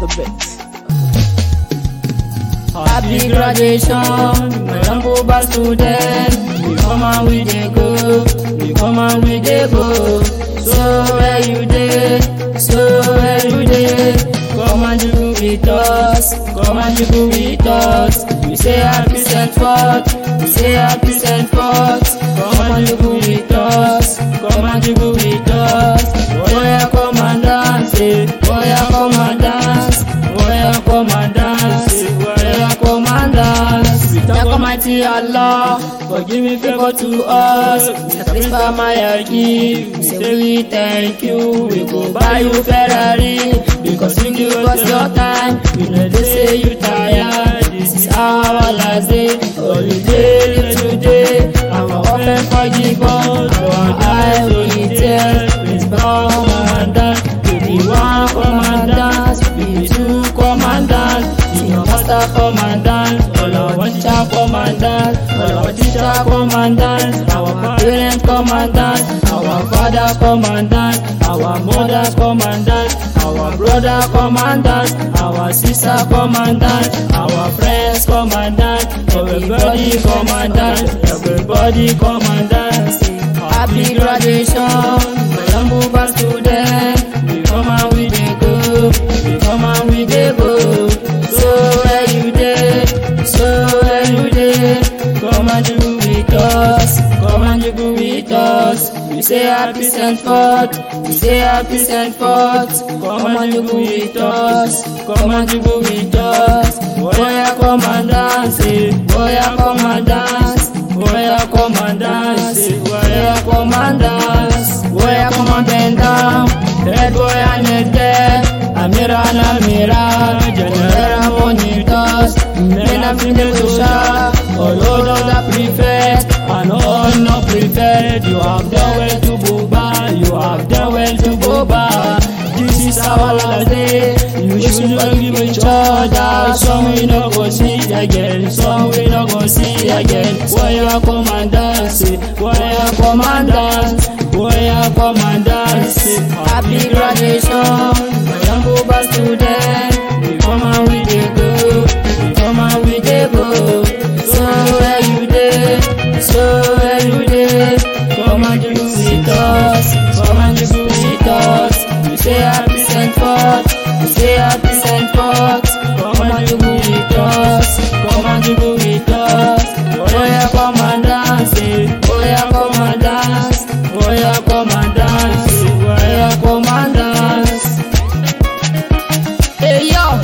on the beat. Happy graduation, my humble bar student. We come and we dey go, we come and we dey go. So where you dey, so where you dey. Come and you go with us, come and you go with us. We say happy send forth, we say happy send forth. Come and you go with Almighty Allah, forgive me favor to us. Please for my give. Say we thank you. We go buy you Ferrari because you give us your time. We know they say you tired. This is our last day. All you did today. I'm open for give up. Our eyes will be tears. Please bow commandant. We be one commandant, be two commandant. Be your master commandant our teacher commandant, Our parents come Our father commandant, Our mother come Our brother come Our sister come Our friends commandant, Everybody commandant, Everybody commandant. Happy graduation. humble student. You say happy St. Fort, You say happy St. Fort. Come and go with us, come and go with us. Boya come and dance, eh. boya come and dance, boya come and dance, eh. boya come and dance, boya come and bend down. Red boya need there, Amira na Amira, Janera monitos, Nena fingers. said you have done well to Boba, you have done well to Boba. This is our last day. You should not give each other. Ah, some we not go see again. Some we not go see again. Why your commander eh. say? Why your commander? Why your commander eh. say? Happy graduation, my young Boba student. St. Fox. Come and do with us. Come and do with us. Oh, eh. oh yeah, come and dance. Oh yeah, come and dance. Oh eh. yeah, come and dance. Oh yeah, come and dance. Hey yo,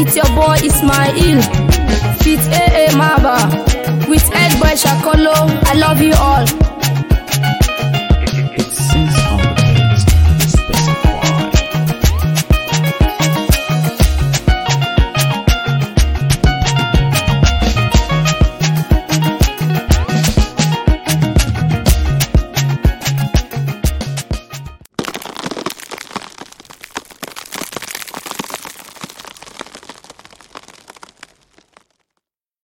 it's your boy Ismail. Fit AA Maba. With Ed Boy Shakolo. I love you all.